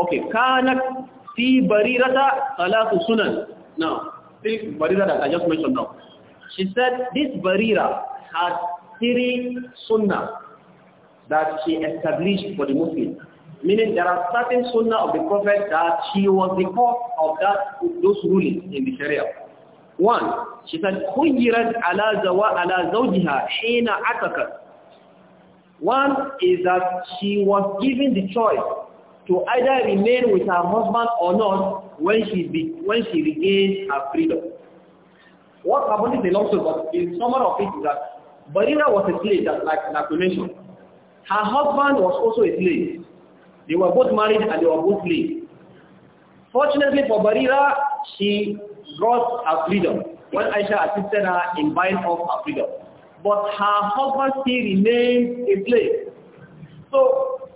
okay كانت في بريرة now this barira that I just mentioned now she said this barira had three sunnah that she established for the Muslim. meaning there are certain sunnah of the prophet that she was the cause of that those rulings in the sharia one she said khuyrat ala zawa ala zawjiha hina ataka. One is that she was given the choice to either remain with her husband or not when she, be, when she regained her freedom. What happened is a long story, but in summary of it is that Barira was a slave, that, like, like we mentioned. Her husband was also a slave. They were both married and they were both slaves. Fortunately for Barira, she got her freedom when Aisha assisted her in buying off her freedom. but her husband still remains a slave. So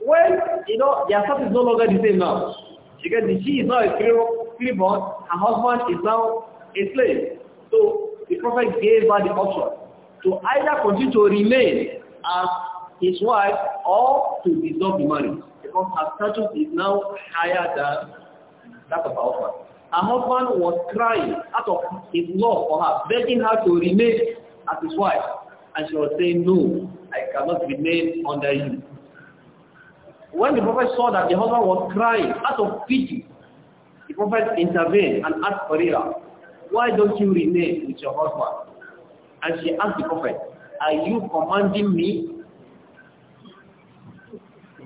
when, you know, their status is no longer the same now. Because she is now a free freeborn, her husband is now a slave. So the prophet gave her the option to either continue to remain as his wife or to dissolve the marriage because her status is now higher than that of her husband. Her husband was crying out of his love for her, begging her to remain as his wife. And she was saying, no, I cannot remain under you. When the prophet saw that the husband was crying out of pity, the prophet intervened and asked Farira, why don't you remain with your husband? And she asked the prophet, are you commanding me?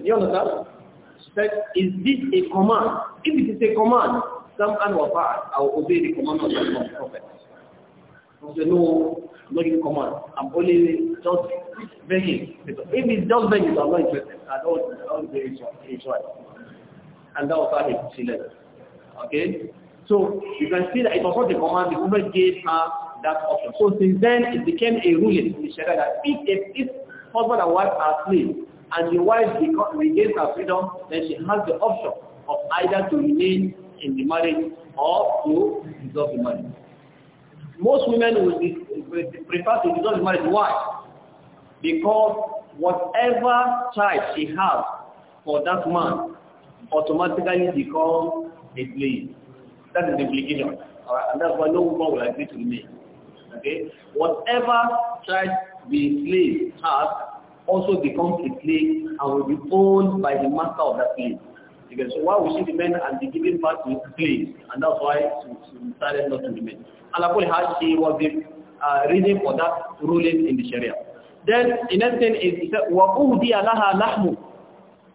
You understand? She said, is this a command? If it is a command, some an part I will obey the command of the prophet. He said, no, I'm not giving command. I'm only just begging. If it's just begging, I'm not interested. I don't, I don't do it right. And that was how she left. Okay? So you can see that it was not a command. The Prophet gave her that option. So since then, it became a ruling in Sharia that if, if, if husband and wife are slaves, and the wife regains her freedom, then she has the option of either to remain in the marriage or to dissolve the marriage. Most women will be, prefer to dissolve the marriage. Why? Because whatever child she has for that man automatically becomes a slave. That is the implication. Right? And that's why no woman will agree to remain. Okay? Whatever child the slave has also becomes a slave and will be owned by the master of that slave. Because why we see the men and the giving part is pleased, and that's why she decided not to remain. Alakul Hajj, she was the uh, reason for that ruling in the Sharia. Then, in that thing, it said, وَأُهْدِيَ لَهَا لَحْمُ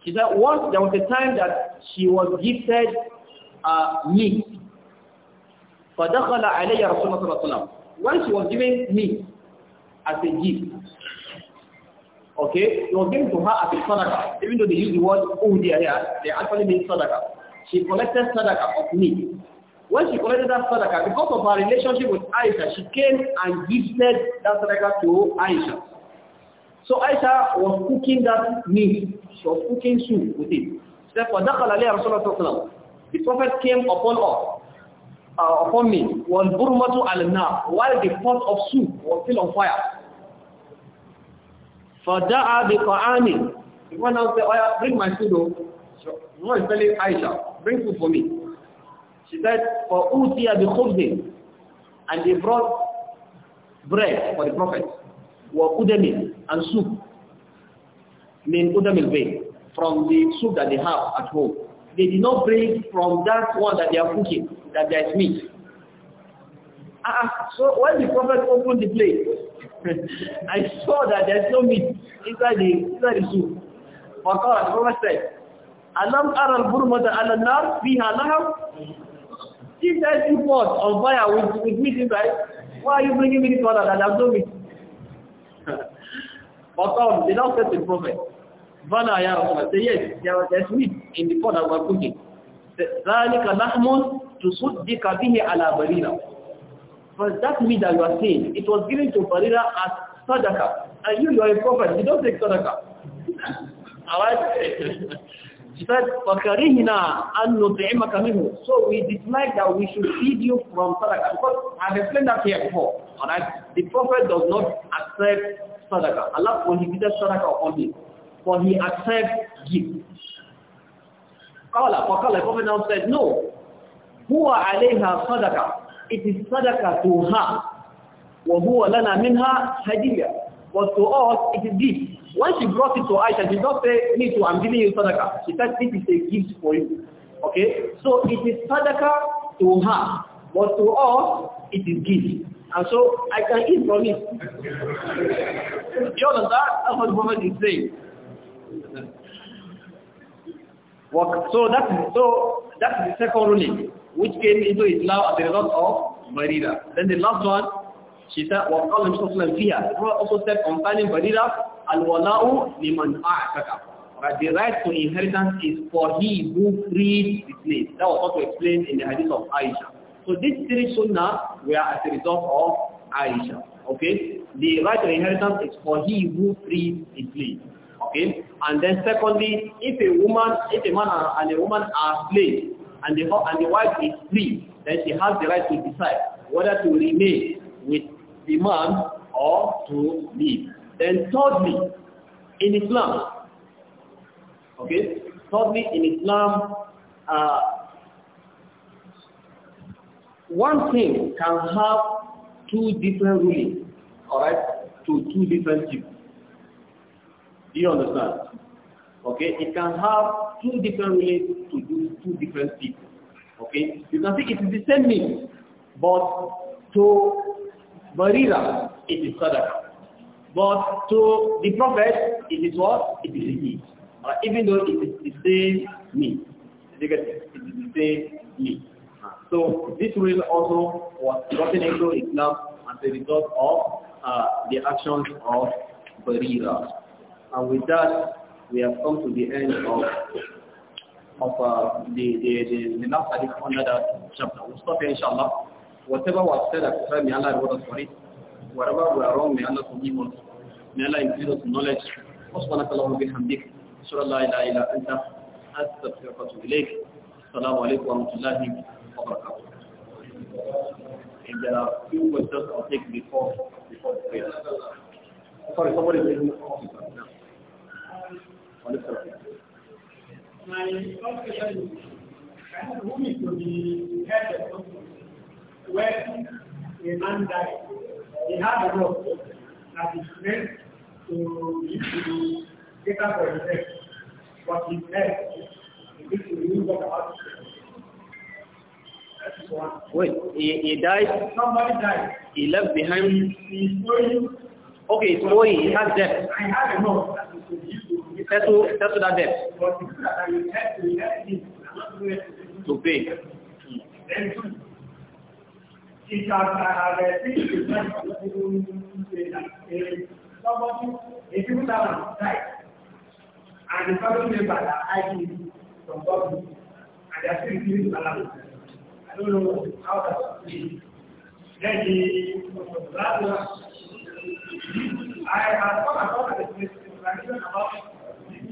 She said, once there was a time that she was gifted uh, meat. فَدَخَلَ عَلَيَّ رَسُولَ صَلَّى When she was given meat as a gift, Okay, he was given to her as a sadaqah. Even though they use the word uhdiya here, they actually mean sadaqah. She collected sadaqah of me. When she collected that sadaqah, because of her relationship with Aisha, she came and gifted that sadaqah to Aisha. So Aisha was cooking that meat. She was cooking soup with it. Therefore, دخل عليها رسول الله صلى The Prophet came upon us, uh, upon me, while the pot of soup was still on fire. fọ̀dá àbíkọ̀ ámì ìwọ́n náà say oya bring my food o wọ́n is telling Aisha bring food for me she said for who uti abi khubzin and they brought bread for the prophet wa udamil and soup min udamil bay from the soup that they have at home they did not bring from that one that they are cooking that there is meat Ah, so when the prophet opened the plate, I saw that there's no meat inside the, inside the soup. But فقال the prophet said, أَلَمْ أَرَى الْبُرْمَةَ عَلَى النَّارِ فِيهَا لَهَمْ If there's you pot on fire with, with meat inside, why are you bringing me the order that there's no meat? But فقال, the Lord said to the prophet, بَنَا يَا رَسُولَ Say yes, there, there's meat in the pot that we're cooking. ذَلِكَ لَحْمٌ تُصُدِّكَ بِهِ عَلَى بَرِيرًا but that me that you are saying, it was given to Farida as sadaqah. And you, you are a prophet, you don't take sadaqah. Alright? She said, فَكَرِهِنَا أَن نُطْعِمَكَ So we dislike that we should feed you from sadaqah. Because I've explained that here before. Alright? The prophet does not accept sadaqah. Allah prohibited sadaqah upon him. For he accepts gift. for فَقَالَ The prophet now said, no. who هُوَ عَلَيْهَا صَدَقَةً it is sadaka to her wa huwa lana minha hadiya but to us it is gift when she brought it to Aisha she did not say me to I'm giving you sadaka." she said this is a gift for you okay so it is sadaka to her but to us it is gift and so I can eat from it you understand that's what the prophet is saying Work. So that's so that's the second ruling which came into Islam as a result of Barira. Then the last one, she said, وَقَالَ الْمُسْلِمْ فِيهَا The Prophet also said concerning Barira, الْوَلَاءُ liman أَعْتَكَ Right, the right to inheritance is for he who frees the slave. That was also explained in the hadith of Aisha. So these three sunnah were as a result of Aisha. Okay? The right to inheritance is for he who frees the slave. Okay? And then secondly, if a woman, if a man and a woman are slaves, and the, and the wife is free, then she has the right to decide whether to remain with the man or to leave. Then thirdly, in Islam, okay, thirdly in Islam, uh, one thing can have two different rulings, all right, to two different people. Do you understand? Okay, it can have two different ways to do two different people. Okay, you can see it is the same meaning, but to Barira it is sadaqah, but to the Prophet it is what? It is need. Uh, even though it is the same need, it is the same need. So this will also was gotten into Islam as a result of uh, the actions of Barira. And with that, we have come to the end of of uh, the the the last hadith under that chapter. We'll stop here, inshallah. Whatever was said at the time, may Allah reward us for it. Whatever we are wrong, may Allah forgive us. May Allah increase us knowledge. وسبحانك اللهم وبحمدك أشهد أن لا إله أنت أستغفرك إليك السلام عليكم ورحمة الله وبركاته. And there are few questions I'll take before before the prayer. Sorry, somebody is in the office. My first question is, be when a man dies, he has a role that is meant to get up for himself, but his head is to use about Wait, he, he died. Somebody died. He left behind. He's Okay, it's He has death. I have a note. settle, settle that debt. To pay. Hmm. It has a somebody, if you have a site, and the family member that I give from God, and they are still giving balance. I don't know how that is. Then the last one, I have come across the question about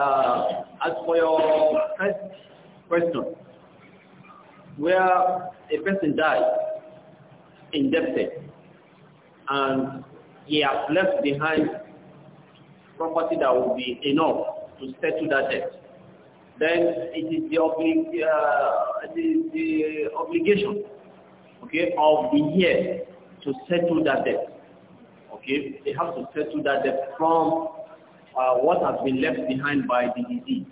uh, as for your first question, where a person died indebted and he has left behind property that will be enough to settle that debt, then it is the, obli uh, the, the obligation okay, of the year to settle that debt. Okay, they have to settle that debt from uh, what has been left behind by the disease.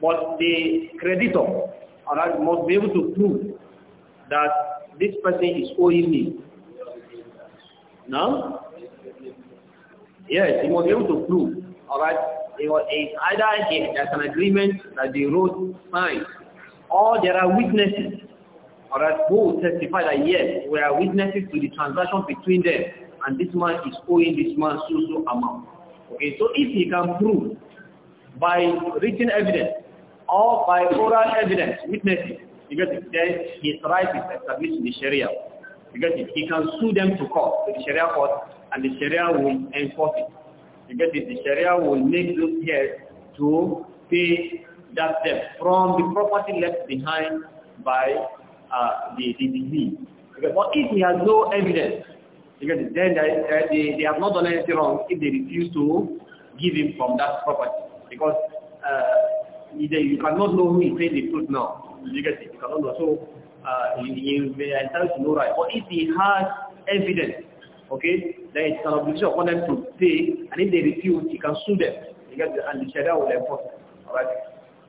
But the creditor must be able to prove that this person is owing me. No? Yes, he must be able to prove. All right. It's either there's an agreement that the road signed, or there are witnesses. All right, who will testify that yes, we are witnesses to the transaction between them, and this man is owing this man so so amount. Okay, so if he can prove by written evidence or by oral evidence, witnesses, because then his right is established in the Sharia. Because he can sue them to court, to the Sharia court, and the Sharia will enforce it. Because the Sharia will make those heirs to pay that debt from the property left behind by uh, the, deceased. but if he has no evidence, because then they, uh, uh, they, they have not done anything wrong if they refuse to give him from that property. Because uh, you cannot know who is saying the truth now. You get it? You cannot know. So uh, you, may entitled to know right. Or if he has evidence, okay, then it's an obligation upon them to pay. And if they refuse, he can sue them. You get it? And the Sharia will enforce it. All right?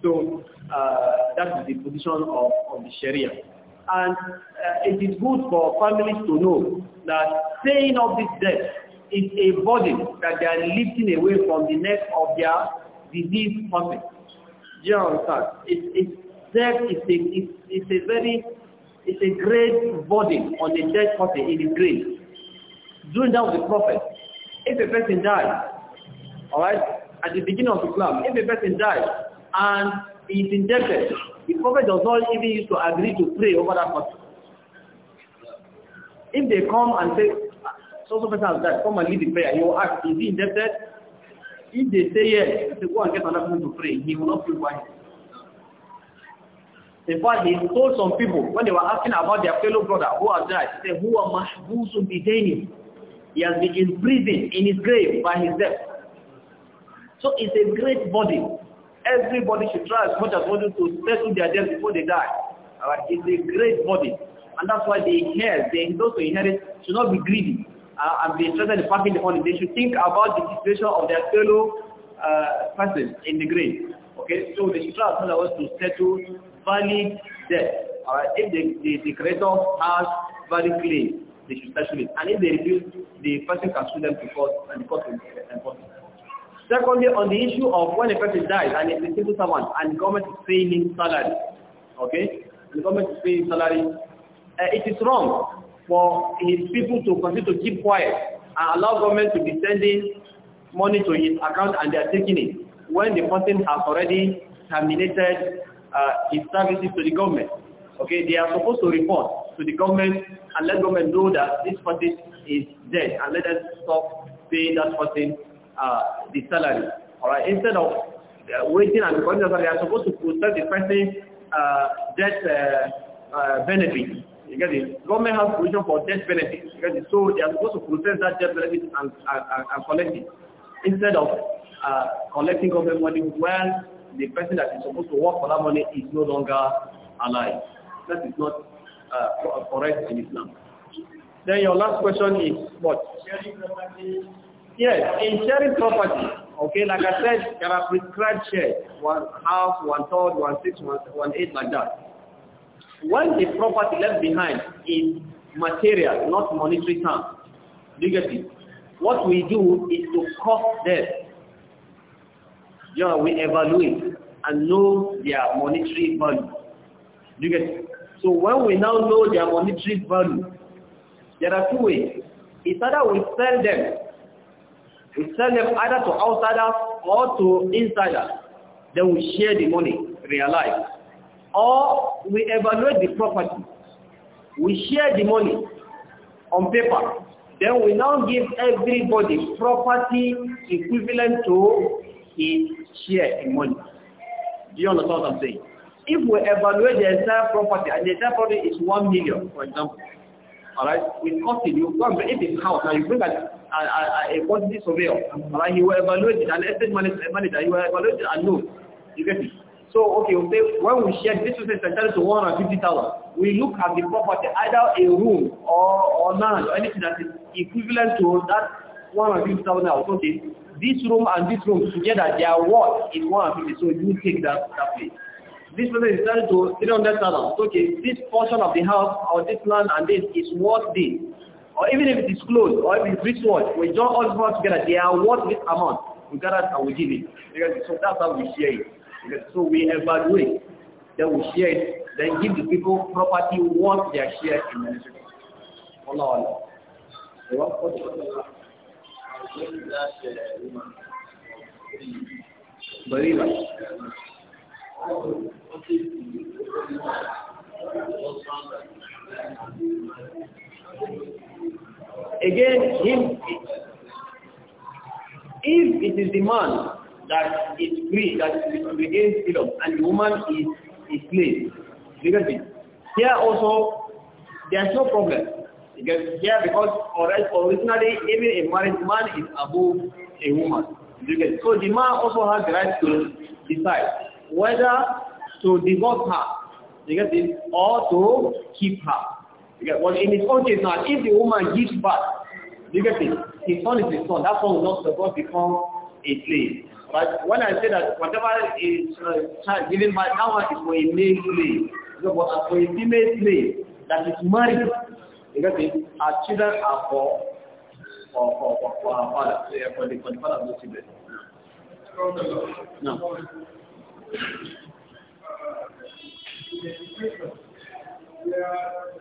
So uh, that is the position of, of the Sharia. And uh, it is good for families to know that paying off this debt is a burden that they are lifting away from the neck of their disease person. Do you understand? It, it, debt is a, it, it's a very, it's a great burden on the dead person in the grave. During that with the prophet, if a person dies, all right, at the beginning of the club, if a person dies and is indebted The prophet does not even used to agree to pray over that person. If they come and say, so so person has died, come and lead the prayer, he will ask, is he indebted? If they say yes, they go and get another person to pray, he will not feel why. In fact, he told some people, when they were asking about their fellow brother who has died, he said, who are mahbusun bidainim? He has been imprisoned in his grave by his death. So it's a great body. Everybody should try as much as possible to settle their debt before they die. Alright, it's a great body. And that's why they inherit, they, those who inherit should not be greedy uh, and be interested in passing the money. They should think about the situation of their fellow uh, persons in the grave. Okay, so they should try as much as possible to settle valid debt. Alright, if the, the, the creator has valid claim, they should settle it. And if they refuse, the person can sue them to court and the court will enforce it. Secondly, on the issue of when a person dies and is a civil servant and the government is paying him salary, okay? And the government is paying salary. Uh, it is wrong for his people to continue to keep quiet and allow government to be sending money to his account and they are taking it when the person has already terminated uh, his services to the government. Okay, they are supposed to report to the government and let government know that this person is dead and let them stop paying that person Uh, the salary. Alright, instead of uh, waiting and recording the salary, you are supposed to process the person's uh, death uh, uh, benefit. You get it? Government has provision for death benefit. You get it? So they are supposed to process that death benefit and, and, and, collect it. Instead of uh, collecting government money when the person that is supposed to work for that money is no longer alive. That is not uh, correct in Islam. Then your last question is what? Yes, in sharing property, okay, like I said, there are prescribed shares, one half, one third, one sixth, one, one eighth, like that. When the property left behind is material, not monetary term, legacy, what we do is to cost them. Yeah, we evaluate and know their monetary value. You get so when we now know their monetary value, there are two ways. It's either we sell them we sell them either to outsiders or to insiders. Then we share the money, realize. Or we evaluate the property. We share the money on paper. Then we now give everybody property equivalent to his share in money. Do you understand what I'm saying? If we evaluate the entire property, and the entire property is 1 million, for example, all right, we cost you go if it's house, now you bring a a, a, a quantity surveyor, right? He will evaluate it, an estate manager, he will evaluate it and know. You get it? So, okay, when we share this was essentially to 150,000, we look at the property, either a room or, or land or anything that is equivalent to that 150,000 hours. Okay, this room and this room together, they are worth what is 150, so you take that, that place. This person is selling to 300,000. Okay, this portion of the house or this land and this is worth this or even if it is closed, or if it's wristwatch, we join all these together, they are worth this amount. We gather and we give it. Because, so that's how we share it. Because, so we evaluate, then we share it, then give the people property worth they are sharing in ministry. Allah Allah. Thank you. Again, him, if it is the man that is free, that is against freedom, and the woman is a slave, legally, here also, there is no problem. Because here, because originally, even a married man is above a woman. Because, so the man also has the right to decide whether to divorce her, because or to keep her. Well, in his own case now, if the woman gives birth, you get it? His son is his son. That son will not support become a slave. But when I say that whatever is uh, given by now is for a male slave, so, but as for a female slave that is married, you get it? Our children are for for for for, for our father, yeah, for the for the father of those children. No. Yeah.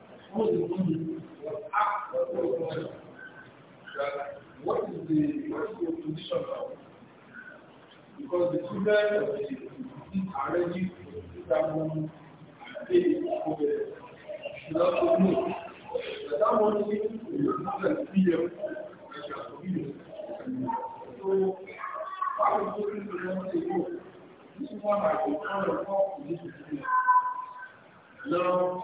supposed the What is the position now? Because the children of the are the family pay for the not to know. But that one is your children see you So I was to them this. this one I will try to talk to this now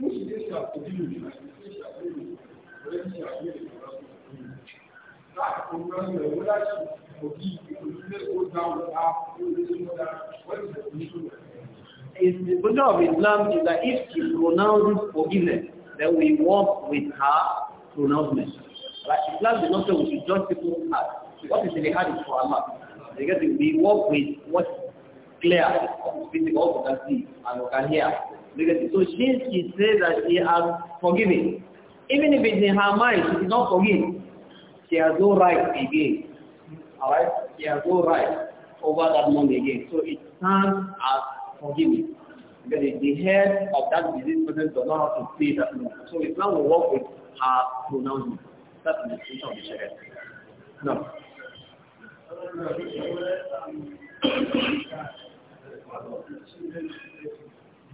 the Buddha of Islam is that if she pronounces forgiveness, then we work with her pronouncement. Like Islam does not say we should judge people's heart. What is in the heart is for Allah. Because we work with what's clear, what is what we can see, and we can hear. Because so since she says that she has forgiven, even if it's in her mind, she did not forgive, she has no right again. Alright? She has no right over that money again. So it stands as forgiving. Because the head of that business person does not have to pay that money. So Islam will work with her pronouncement. That's the distinction of the Sharia. No.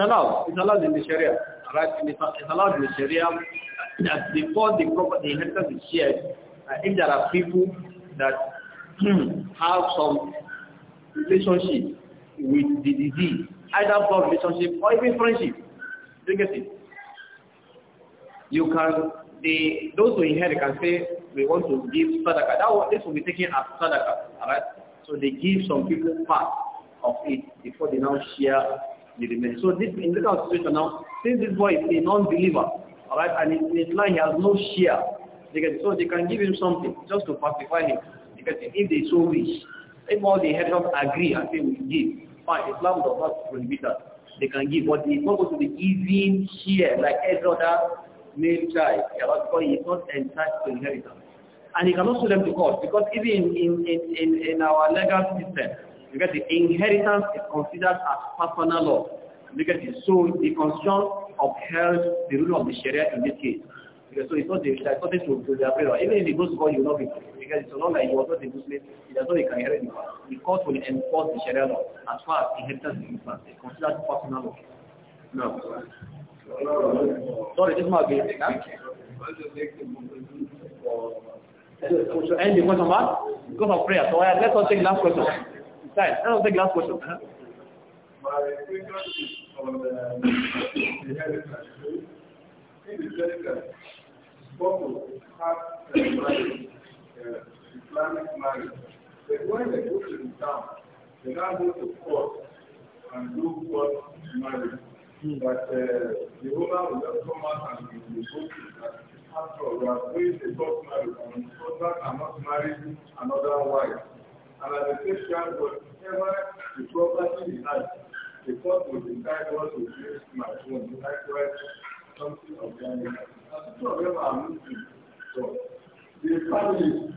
allowed. It's allowed in the Sharia. Right? It's allowed in the Sharia that before the property inheritance is shared, uh, if there are people that have some relationship with the disease, either for relationship or even friendship, you get it. You can, the, those who inherit can say, we want to give sadaqah. That, will, this will be taken as sadaqah. Alright? So they give some people part of it before they now share he remains. So this in this situation now, since this boy is a non-believer, all right, and in Islam he has no share, they can, so they can give him something just to pacify him. Because if they so wish, if all the heads agree and say we give, fine, Islam does not prohibit that. They can give, but it's not going to be giving share like every other male child, because he's not entitled to inheritance. And he cannot sue them to court because even in, in, in, in our legal system, Because the inheritance is considered as personal law. Because so the constitution upheld the rule of the Sharia in this case. Because so it's not the, it's nothing to, to the appeal. Even if it goes to you know, because it's not like you are not a Muslim, it does not require any part. The court will enforce the Sharia law as far as inheritance is concerned. It's considered personal law. No. Sorry, this might be. Huh? To end the question, mark. Because of prayer. So I, let's not take last question. Time. That was the last question. Huh? My question on the inheritance. In inheritance, people have marriage, Islamic marriage. But when they go to the they now go to court and do court marriage. Hmm. But uh, the owner will just come out and be that after all, we are doing the court marriage, and the husband cannot marry another wife. And as a Christian, whatever the property he the court was entitled to place my own. Likewise, something of them. And two of them are losing. So, the family,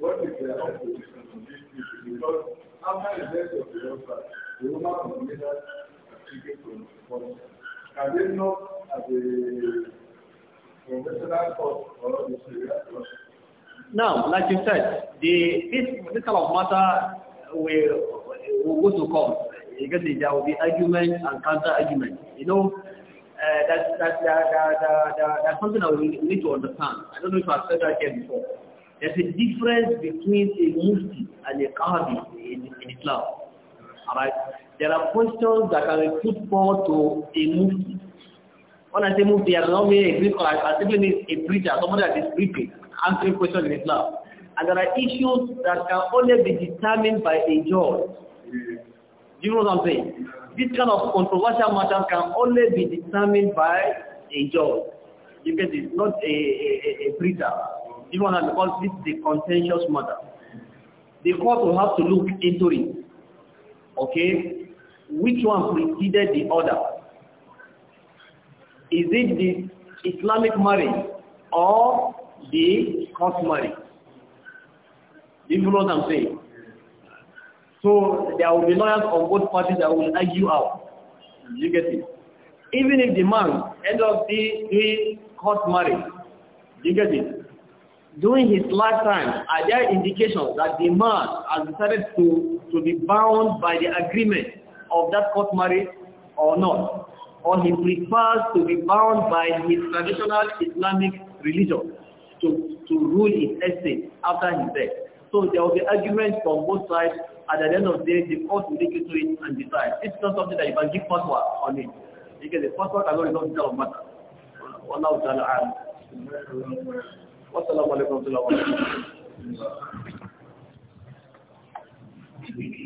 what is their opposition to these people? Because after the death of the the woman was made a ticket to the Can they not, as a conventional court all the Syria now, like you said, the, this, this kind of matter will, uh, will go to court because there will be argument and counter argument. You know, uh, that, that, that, that, that, that, that's something that we need to understand. I don't know if I've said that here before. There's a difference between a mufti and a qadi in, in Islam. All right? There are questions that can be put forward to a mufti. When I say mufti, I don't mean a Greek I simply mean a preacher, somebody that is preaching answering questions in Islam. And there are issues that can only be determined by a judge. Do you know what I'm saying? This kind of controversial matters can only be determined by a judge. Because it's not a, a, a, a preacher. Do you know what Because this is a contentious matter. The court will have to look into it. Okay? Which one preceded the other? Is it the Islamic marriage or the customary. Do you know what I'm saying. So there will be lawyers on both parties that will argue out. You get it? Even if the man end up being court married, you get it? During his lifetime, are there indications that the man has decided to, to be bound by the agreement of that court marriage or not? Or he prefers to be bound by his traditional Islamic religion? to, to rule his essay after his death. So there will be arguments from both sides. At the end of the day, the court will take you to it and decide. It's not something that you can give fatwa on it. Because the fatwa cannot resolve the matter. Wallahu ta'ala alam. Wassalamu alaikum wa rahmatullahi wa barakatuh.